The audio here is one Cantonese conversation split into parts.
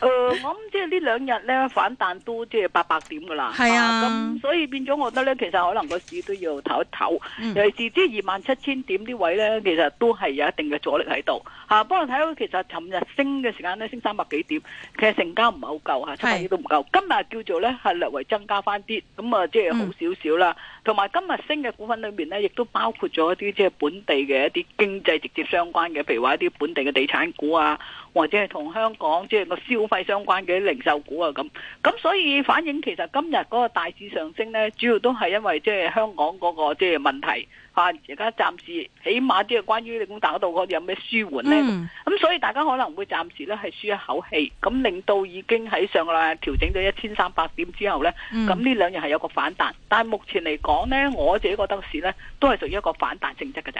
誒，我諗即係呢兩日咧反彈都即係八百點噶啦，係啊，咁、啊、所以變咗我覺得咧，其實可能個市都要唞一唞，嗯、尤其是即二萬七千點啲位咧，其實都係有一定嘅阻力喺度吓。不過睇到其實尋日升嘅時間咧，升三百幾點，其實成交唔係好夠吓，七百億都唔夠。今日叫做咧係略為增加翻啲，咁啊即係好少少啦。同埋、嗯、今日升嘅股份裏面咧，亦都包括咗一啲即係本地嘅一啲經濟直接相關嘅，譬如話一啲本地嘅地產股啊，或者係同香港即係個消。消費相關嘅零售股啊，咁咁所以反映其實今日嗰個大市上升呢，主要都係因為即係香港嗰個即係問題吓，而家暫時起碼啲嘅關於你講到嗰個有咩舒緩呢？咁、嗯、所以大家可能會暫時咧係舒一口氣，咁令到已經喺上啦，調整咗一千三百點之後呢。咁呢兩日係有個反彈，但係目前嚟講呢，我自己覺得市呢都係屬於一個反彈性質嘅啫。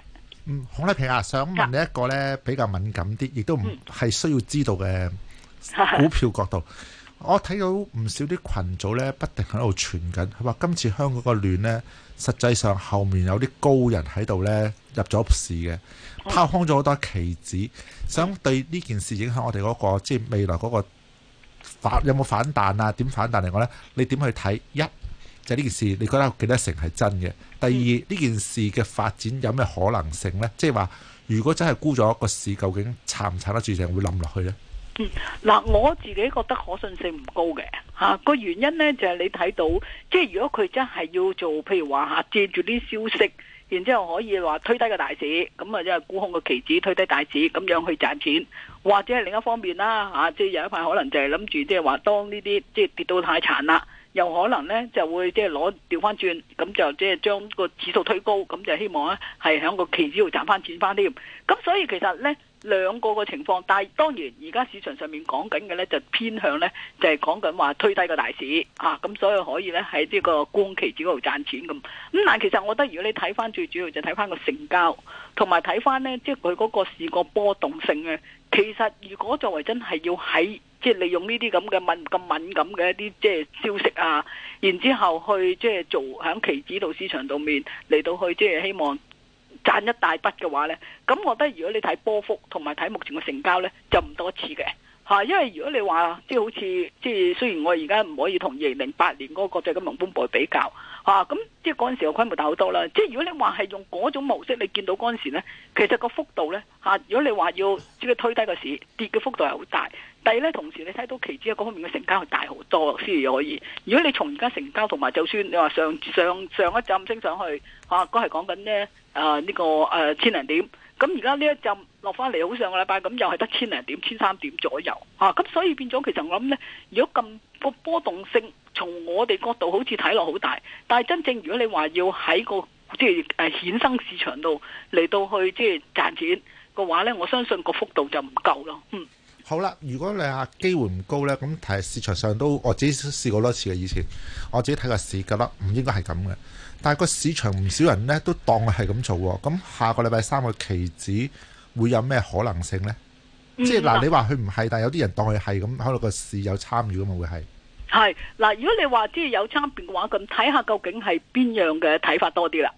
好啦、嗯，麗萍啊，想問你一個呢比較敏感啲，亦都唔係、嗯、需要知道嘅。股票角度，我睇到唔少啲群組呢，不停喺度傳緊，佢話今次香港個亂呢，實際上後面有啲高人喺度呢，入咗市嘅，拋空咗好多期指，想對呢件事影響我哋嗰、嗰個即係未來嗰個有有反有冇反彈啊？點反彈嚟講呢？你點去睇？一就係、是、呢件事，你覺得有幾多成係真嘅？第二呢、嗯、件事嘅發展有咩可能性呢？即係話如果真係沽咗個市，究竟撐唔撐得住，定會冧落去呢？嗱、嗯，我自己覺得可信性唔高嘅吓，個、啊、原因呢，就係、是、你睇到，即、就、係、是、如果佢真係要做，譬如話借住啲消息，然之後可以話推低個大市，咁啊即係沽空個期指推低大市，咁樣去賺錢，或者係另一方面啦，吓，即、啊、係、就是、有一排可能就係諗住即係話當呢啲即係跌到太殘啦，又可能呢就會即係攞調翻轉，咁就即係將個指數推高，咁就希望呢係喺個期指度賺翻錢翻添，咁所以其實呢。兩個嘅情況，但係當然而家市場上面講緊嘅呢，就偏向呢，就係講緊話推低個大市啊，咁所以可以呢，喺呢個攻期指嗰度賺錢咁。咁但係其實我覺得，如果你睇翻最主要就睇翻個成交，同埋睇翻呢，即係佢嗰個市個波動性咧。其實如果作為真係要喺即係利用呢啲咁嘅敏咁敏感嘅一啲即係消息啊，然之後去即係做響期指度市場度面嚟到去即係希望。賺一大筆嘅話呢，咁我覺得如果你睇波幅同埋睇目前嘅成交呢，就唔多次嘅吓，因為如果你話即係好似即係雖然我而家唔可以同二零零八年嗰個國際金融風暴比較。吓，咁即係嗰陣時嘅規模大好多啦，即係如果你話係用嗰種模式，你見到嗰陣時咧，其實個幅度咧嚇，如果你話要即係推低個市跌嘅幅度係好大。第二咧，同時你睇到期指嗰方面嘅成交係大好多先至可以。如果你從而家成交同埋就算你話上上上一陣升上去嚇，都係講緊呢誒呢個、啊、千零點。咁而家呢一陣落翻嚟，好上個禮拜咁又係得千零點、千三點左右嚇。咁所以變咗其實我諗咧，如果咁個波動性。從我哋角度好似睇落好大，但係真正如果你話要喺個即係誒衍生市場度，嚟到去即係賺錢嘅話呢，我相信個幅度就唔夠咯。嗯，好啦，如果你話機會唔高呢，咁其實市場上都我自己試過多次嘅以前，我自己睇個市噶啦，唔應該係咁嘅。但係個市場唔少人呢都當係咁做喎。咁下個禮拜三個期指會有咩可能性呢？嗯、即係嗱，你話佢唔係，但係有啲人當佢係咁，可能個市有參與噶嘛，會係。係嗱，如果你話即係有差別嘅話，咁睇下究竟係邊樣嘅睇法多啲啦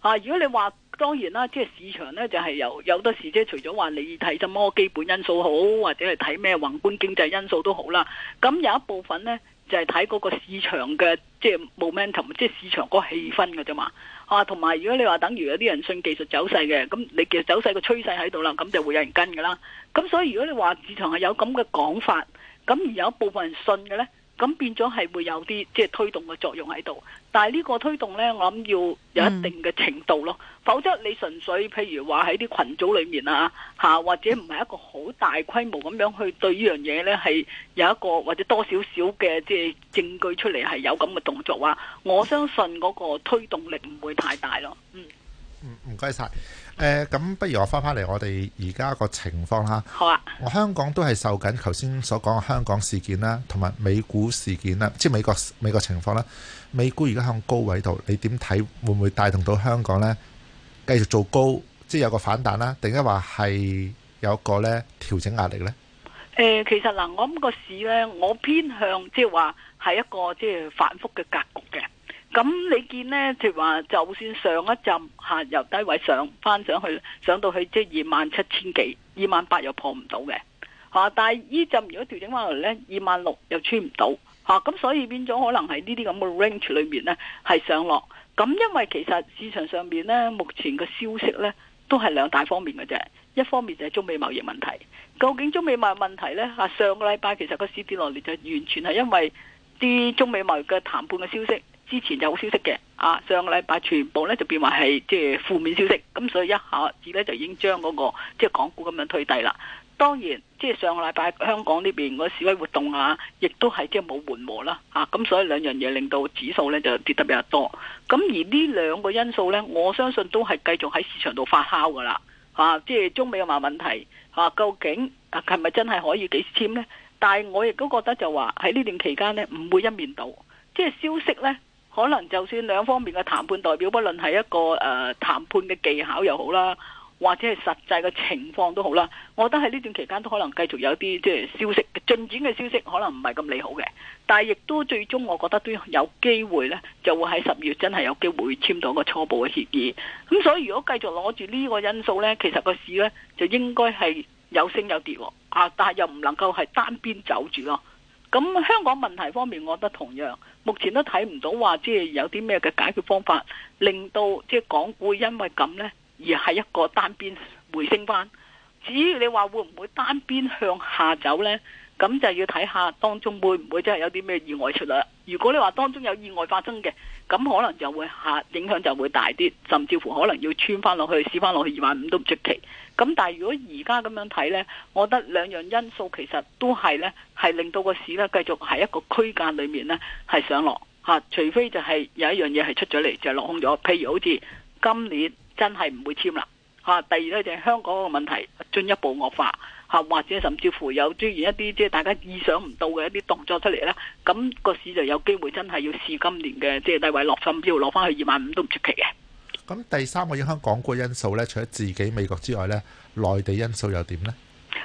嚇。如果你話當然啦，即係市場咧就係、是、有有得時，即係除咗話你睇啲乜基本因素好，或者係睇咩宏觀經濟因素都好啦。咁有一部分咧就係睇嗰個市場嘅即係、就是、momentum，即係市場嗰個氣氛嘅啫嘛。啊，同埋如果你話等於有啲人信技術走勢嘅，咁你技術走勢嘅趨勢喺度啦，咁就會有人跟嘅啦。咁所以如果你話市場係有咁嘅講法，咁而有一部分人信嘅咧？咁變咗係會有啲即係推動嘅作用喺度，但係呢個推動呢，我諗要有一定嘅程度咯，嗯、否則你純粹譬如話喺啲群組裡面啊，嚇、啊、或者唔係一個好大規模咁樣去對呢樣嘢呢，係有一個或者多少少嘅即係證據出嚟係有咁嘅動作啊。我相信嗰個推動力唔會太大咯。嗯，嗯，唔該晒。誒，咁、呃、不如我返返嚟，我哋而家個情況啦。好啊。我香港都係受緊頭先所講嘅香港事件啦，同埋美股事件啦，即係美國美國情況啦。美股而家向高位度，你點睇？會唔會帶動到香港呢？繼續做高，即係有個反彈啦，定係話係有一個呢調整壓力呢？誒、呃，其實嗱，我諗個市呢，我偏向即係話係一個即係反覆嘅格局嘅。咁你見呢，即係話，就算上一浸下由低位上翻上去，上到去即係二萬七千幾，二萬八又破唔到嘅，吓！但係呢浸如果調整翻落嚟呢，二萬六又穿唔到，吓！咁所以變咗可能係呢啲咁嘅 range 裏面呢係上落。咁因為其實市場上面呢，目前嘅消息呢都係兩大方面嘅啫。一方面就係中美貿易問題，究竟中美貿易問題呢吓，上個禮拜其實個市跌落嚟就完全係因為啲中美貿易嘅談判嘅消息。之前就好消息嘅，啊上個禮拜全部咧就變為係即係負面消息，咁所以一下子咧就已經將嗰個即係港股咁樣推低啦。當然即係上個禮拜香港呢邊嗰個示威活動啊，亦都係即係冇緩和啦，啊咁所以兩樣嘢令到指數咧就跌得比較多。咁而呢兩個因素咧，我相信都係繼續喺市場度發酵噶啦，啊即係中美啊嘛問題啊，究竟啊係咪真係可以幾時簽呢？但係我亦都覺得就話喺呢段期間呢，唔會一面倒，即係消息咧。可能就算兩方面嘅談判代表，不論係一個誒、呃、談判嘅技巧又好啦，或者係實際嘅情況都好啦，我覺得喺呢段期間都可能繼續有啲即係消息進展嘅消息，進展的消息可能唔係咁利好嘅，但係亦都最終我覺得都有機會呢，就會喺十月真係有機會簽到個初步嘅協議。咁所以如果繼續攞住呢個因素呢，其實個市呢，就應該係有升有跌喎，啊，但係又唔能夠係單邊走住咯。咁香港問題方面，我覺得同樣，目前都睇唔到話，即係有啲咩嘅解決方法，令到即係港股因為咁呢，而係一個單邊回升返。至於你話會唔會單邊向下走呢？咁就要睇下當中會唔會真係有啲咩意外出啦。如果你話當中有意外發生嘅，咁可能就會吓影響就會大啲，甚至乎可能要穿翻落去，試翻落去二萬五都唔出奇。咁但係如果而家咁樣睇呢，我覺得兩樣因素其實都係呢，係令到個市呢繼續喺一個區間裏面呢係上落吓，啊，除非就係有一樣嘢係出咗嚟就係，是、落空咗，譬如好似今年真係唔會簽啦。吓，第二咧，就係香港個問題進一步惡化吓，或者甚至乎有出現一啲即係大家意想唔到嘅一啲動作出嚟咧，咁個市就有機會真係要試今年嘅即係低位落新標，攞翻去二萬五都唔出奇嘅。咁第三個影響港股嘅因素咧，除咗自己美國之外咧，內地因素又點咧？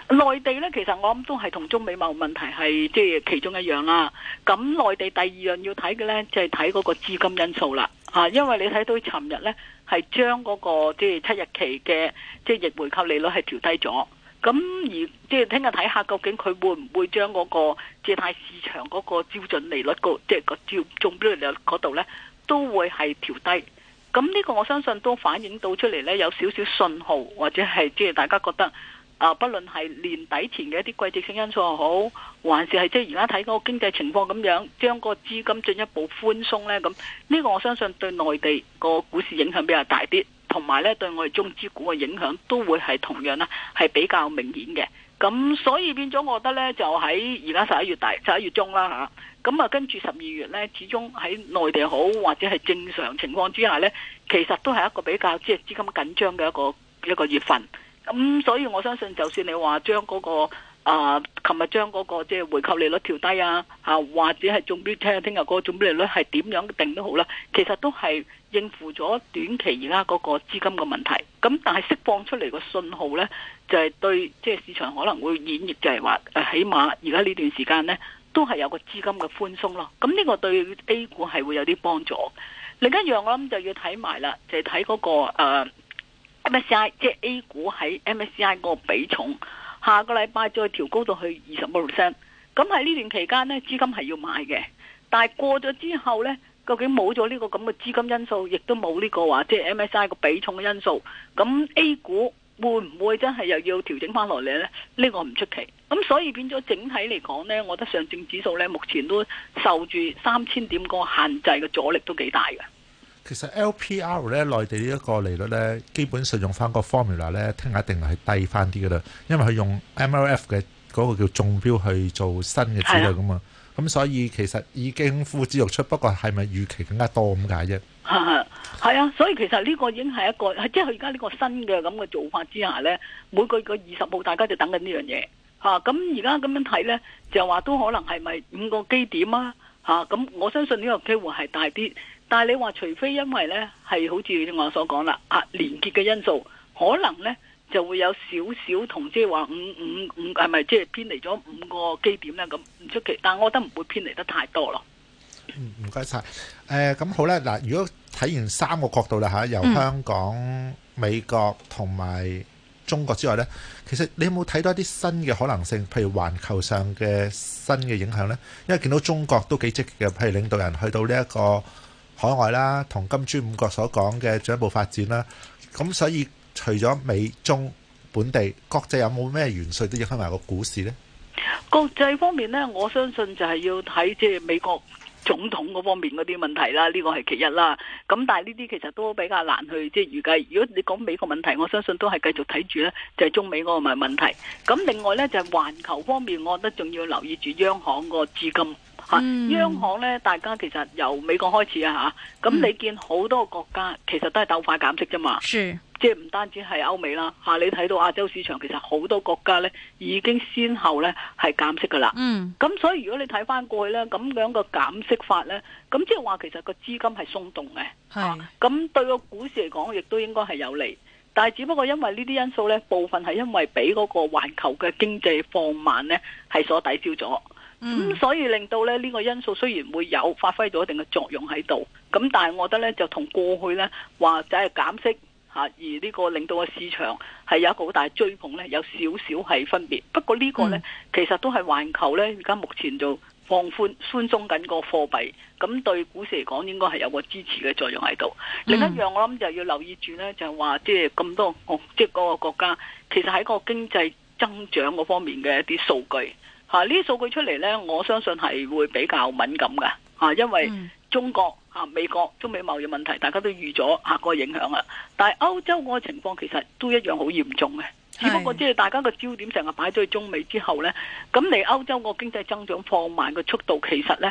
內地咧，其實我諗都係同中美貿問題係即係其中一樣啦。咁內地第二樣要睇嘅咧，就係睇嗰個資金因素啦。啊，因為你睇到尋日呢，係將嗰個即係七日期嘅即係逆回購利率係調低咗，咁而即係聽日睇下究竟佢會唔會將嗰個借貸市場嗰個標準利率、就是、個即係個中標準利率嗰度呢，都會係調低。咁呢個我相信都反映到出嚟呢，有少少信號或者係即係大家覺得。啊，不論係年底前嘅一啲季節性因素又好，還是係即係而家睇個經濟情況咁樣，將個資金進一步寬鬆呢。咁呢個我相信對內地個股市影響比較大啲，同埋呢對我哋中資股嘅影響都會係同樣啦，係比較明顯嘅。咁所以變咗，我覺得呢，就喺而家十一月底，十一月中啦吓，咁啊跟住十二月呢，始終喺內地好或者係正常情況之下呢，其實都係一個比較即係資金緊張嘅一個一個月份。咁、嗯、所以我相信，就算你話將嗰、那個啊，琴、呃、日將嗰個即係回購利率調低啊，吓、啊、或者係中標聽日嗰個中標利率係點樣定都好啦，其實都係應付咗短期而家嗰個資金嘅問題。咁但係釋放出嚟個信號呢，就係、是、對即係、就是、市場可能會演繹就，就係話起碼而家呢段時間呢，都係有個資金嘅寬鬆咯。咁呢個對 A 股係會有啲幫助。另一樣我諗就要睇埋啦，就係睇嗰個誒。呃 MSCI 即係 A 股喺 MSCI 嗰個比重，下個禮拜再調高到去二十 percent，咁喺呢段期間呢，資金係要買嘅。但係過咗之後呢，究竟冇咗呢個咁嘅資金因素，亦都冇呢個話，即係 MSCI 個比重嘅因素，咁 A 股會唔會真係又要調整翻落嚟呢？呢個唔出奇。咁所以變咗整體嚟講呢，我覺得上證指數呢，目前都受住三千點個限制嘅阻力都幾大嘅。其實 LPR 咧，內地呢一個利率咧，基本上用翻個 formula 咧，聽日一定係低翻啲嘅啦，因為佢用 MLF 嘅嗰個叫中標去做新嘅資料噶嘛，咁是、啊、所以其實已經呼之欲出，不過係咪預期更加多咁解啫？係啊，啊，所以其實呢個已經係一個，即係佢而家呢個新嘅咁嘅做法之下咧，每個月個二十號大家就等緊、啊、呢樣嘢嚇。咁而家咁樣睇咧，就話都可能係咪五個基點啊？嚇咁、啊，我相信呢個機會係大啲。但係你話，除非因為咧係好似我所講啦，啊連結嘅因素，可能咧就會有少少同即係話五五五係咪即係偏離咗五個基點咧？咁唔出奇，但係我覺得唔會偏離得太多咯。嗯，唔該晒。誒，咁好啦。嗱，如果睇完三個角度啦吓，由香港、美國同埋中國之外咧，其實你有冇睇到一啲新嘅可能性？譬如環球上嘅新嘅影響咧，因為見到中國都幾積極嘅，譬如領導人去到呢一個。海外啦，同金磚五國所講嘅進一步發展啦，咁所以除咗美中本地國際有冇咩元素都影響埋個股市呢？國際方面呢，我相信就係要睇即係美國總統嗰方面嗰啲問題啦，呢個係其一啦。咁但係呢啲其實都比較難去即係預計。如果你講美國問題，我相信都係繼續睇住呢，就係中美嗰個問題。咁另外呢，就係環球方面，我覺得仲要留意住央行個資金。嗯、央行咧，大家其實由美國開始啊，吓，咁你見好多個國家、嗯、其實都係鬥快減息啫嘛，是即係唔單止係歐美啦，吓、啊、你睇到亞洲市場其實好多國家咧已經先後咧係減息噶啦，咁、嗯、所以如果你睇翻過去咧咁樣個減息法咧，咁即係話其實個資金係鬆動嘅，咁是、啊、對個股市嚟講亦都應該係有利，但係只不過因為呢啲因素咧，部分係因為俾嗰個環球嘅經濟放慢咧係所抵消咗。咁、嗯、所以令到咧呢個因素雖然會有發揮咗一定嘅作用喺度，咁但係我覺得咧就同過去咧或者係減息吓，而呢個令到個市場係有一個好大追捧咧，有少少係分別。不過個呢個咧其實都係環球咧而家目前就放寬寬鬆緊個貨幣，咁對股市嚟講應該係有個支持嘅作用喺度。嗯、另一樣我諗就要留意住咧、哦，就係話即係咁多即係嗰個國家，其實喺個經濟增長嗰方面嘅一啲數據。啊！呢啲數據出嚟呢，我相信係會比較敏感㗎吓、啊，因為中國吓、啊、美國中美貿易問題，大家都預咗吓個影響啊。但係歐洲個情況其實都一樣好嚴重嘅，只不過即係大家個焦點成日擺咗去中美之後呢。咁嚟歐洲個經濟增長放慢個速度其實呢。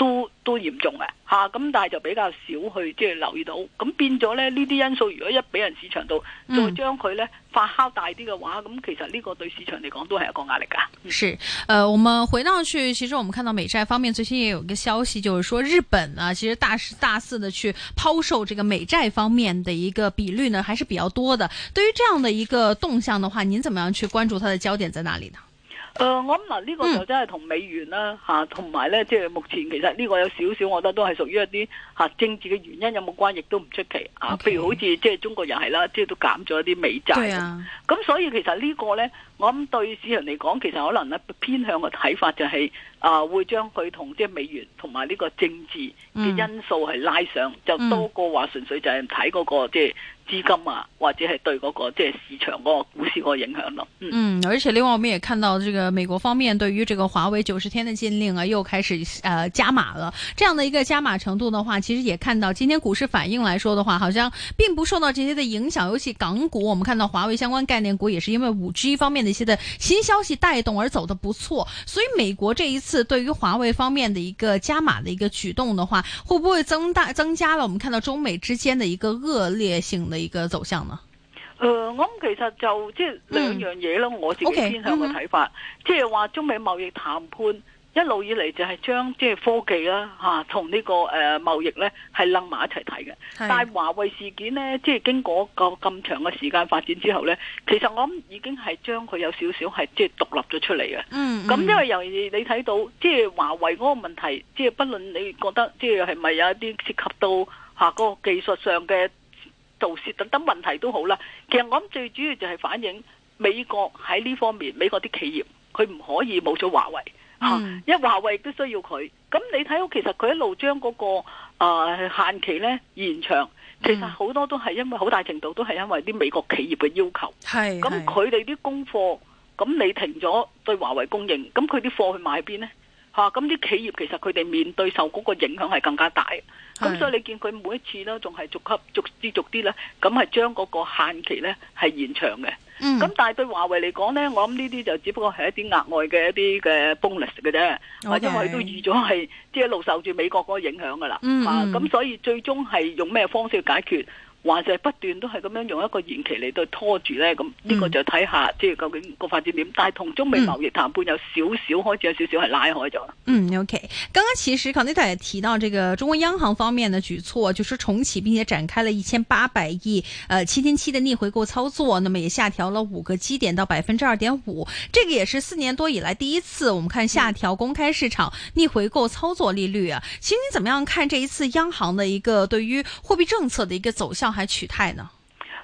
都都嚴重嘅嚇，咁、啊、但係就比較少去即係、就是、留意到，咁變咗咧呢啲因素，如果一俾人市場度、嗯、再將佢咧發酵大啲嘅話，咁其實呢個對市場嚟講都係一個壓力㗎。是，呃，我們回到去，其實我們看到美債方面最新也有一個消息，就是說日本啊，其實大肆大肆地去拋售這個美債方面的一個比率呢，還是比較多的。對於這樣的一個動向的話，您怎麼樣去關注它的焦點在哪裡呢？誒，我諗嗱，呢個就真係同美元啦，嚇、嗯，同埋咧，即係、就是、目前其實呢個有少少，我覺得都係屬於一啲嚇、啊、政治嘅原因有冇關，亦都唔出奇 Okay. 啊。譬如好似即係中國人係啦，即、就、係、是、都減咗一啲美債。咁、啊、所以其實個呢個咧，我諗對市場嚟講，其實可能咧偏向嘅睇法就係、是、啊，會將佢同即係美元同埋呢個政治嘅因素係拉上，嗯、就多過話純粹就係睇嗰個即係。就是資金啊，或者係對嗰、那個即係、就是、市場嗰個股市個影響咯、啊。嗯，嗯，而且另外，我們也看到這個美國方面對於這個華為九十天的禁令啊，又開始呃加碼了。這樣的一個加碼程度的話，其實也看到今天股市反應來說的話，好像並不受到這些的影響。尤其港股，我們看到華為相關概念股也是因為五 G 方面的一些的新消息帶動而走得不錯。所以美國這一次對於華為方面的一個加碼的一個舉動的話，會不會增大增加了？我們看到中美之間的一個惡劣性的。一個走向呢？誒、嗯，我諗其實就即係、就是、兩樣嘢咧，我自己偏向嘅睇法，okay，即係話中美貿易談判、嗯、一路以嚟就係將即係科技啦吓、啊，同呢、這個誒、呃、貿易咧係楞埋一齊睇嘅。是但係華為事件呢，即係經過個咁長嘅時間發展之後咧，其實我諗已經係將佢有少少係即係獨立咗出嚟嘅。嗯，咁因為由你睇到，即係華為嗰個問題，即係不論你覺得即係係咪有一啲涉及到吓嗰、啊那個技術上嘅，盜竊等等問題都好啦，其實我諗最主要就係反映美國喺呢方面，美國啲企業佢唔可以冇咗華為吓，嗯、因為華為亦都需要佢。咁你睇到其實佢一路將嗰個、呃、限期咧延長，其實好多都係因為好、嗯、大程度都係因為啲美國企業嘅要求。係，咁佢哋啲供貨，咁你停咗對華為供應，咁佢啲貨去買邊咧？吓咁啲企業其實佢哋面對受嗰個影響係更加大，咁是所以你見佢每一次咧仲係逐級逐之逐啲咧，咁係將嗰個限期咧係延長嘅。咁、嗯、但係對華為嚟講咧，我諗呢啲就只不過係一啲額外嘅一啲嘅 bonus 嘅啫，或者佢都預咗係即係一路受住美國嗰個影響噶啦。咁、嗯嗯啊、所以最終係用咩方式去解決？還是不斷都係咁樣用一個延期嚟到拖住咧，咁呢個就睇下，嗯、即係究竟個發展點。但係同中美貿易談判有少少開始有少少係拉開咗。嗯，OK，剛剛其實康尼特也提到，這個中國央行方面的舉措、啊，就是重啟並且展開了一千八百億，呃，七天期的逆回購操作，那麼也下調了五個基點到百分之二點五，這個也是四年多以來第一次，我們看下調公開市場逆回購操作利率啊。其實、嗯、你怎麼樣看這一次央行的一個對於貨幣政策的一個走向？還取態呢？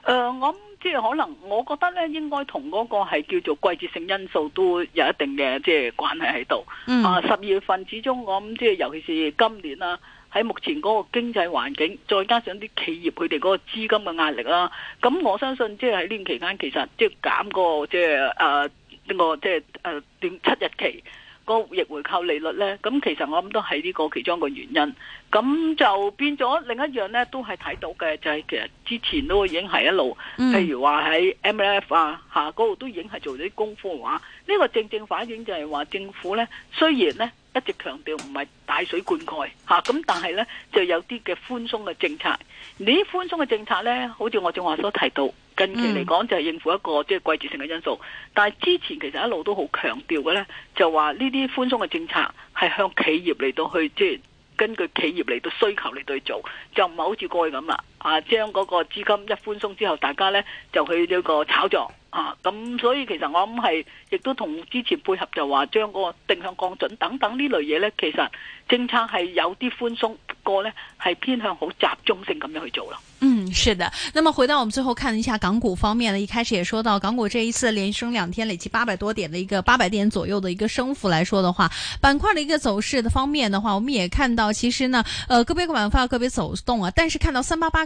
誒、呃，我、嗯、即係可能，我覺得咧，應該同嗰個係叫做季節性因素都有一定嘅即係關係喺度。啊、嗯呃，十二月份始終，我、嗯、諗即係尤其是今年啦、啊，喺目前嗰個經濟環境，再加上啲企業佢哋嗰個資金嘅壓力啦、啊，咁我相信即係喺呢段期間，其實即係減個即係誒呢個即係誒點七日期。個逆回購利率咧，咁其實我諗都係呢個其中一個原因，咁就變咗另一樣咧，都係睇到嘅，就係、是、其實之前都已經係一路，譬、嗯、如話喺 MLF 啊下度、啊、都已經係做咗啲功夫嘅話，呢、這個正正反映就係話政府咧，雖然咧。一直強調唔係大水灌溉吓，咁、啊、但係呢就有啲嘅寬鬆嘅政策。呢啲寬鬆嘅政策呢，好似我正話所提到，近期嚟講就係應付一個即係、就是、季節性嘅因素。但係之前其實一路都好強調嘅呢，就話呢啲寬鬆嘅政策係向企業嚟到去即係、就是、根據企業嚟到需求嚟到去做，就唔係好似過去咁啦。啊，將嗰個資金一寬鬆之後，大家呢就去呢個炒作啊，咁所以其實我諗係亦都同之前配合就話將個定向降準等等呢類嘢呢，其實政策係有啲寬鬆，不過呢，係偏向好集中性咁樣去做啦。嗯，是的。那麼回到我們最後看一下港股方面呢，一開始也說到港股這一次連升兩天，累積八百多點的一個八百點左右的一個升幅來說的話，板塊的一個走勢的方面的話，我們也看到其實呢，呃，個別個板塊個別走動啊，但是看到三八八。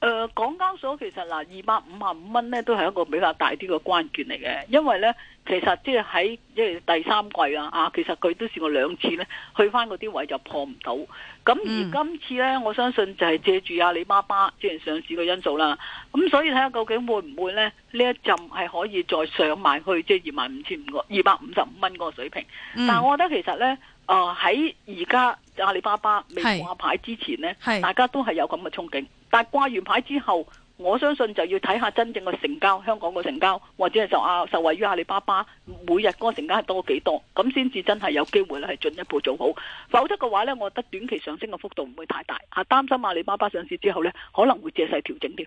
誒、呃、港交所其實嗱，二百五十五蚊咧都係一個比較大啲嘅關鍵嚟嘅，因為咧其實即係喺即係第三季啦、啊，啊其實佢都試過兩次咧，去翻嗰啲位就破唔到，咁而今次咧我相信就係借住阿里巴巴即係上市嘅因素啦，咁所以睇下究竟會唔會咧呢呢一陣係可以再上埋去即係二萬五千五個二百五十五蚊嗰個水平，嗯、但係我覺得其實咧。啊！喺而家阿里巴巴未掛牌之前呢，是是大家都係有咁嘅憧憬。但掛完牌之後，我相信就要睇下真正嘅成交，香港嘅成交或者係受啊受惠於阿里巴巴每日嗰個成交係多幾多，咁先至真係有機會咧係進一步做好。否則嘅話咧，我覺得短期上升嘅幅度唔會太大吓，擔心阿里巴巴上市之後咧可能會借勢調整添。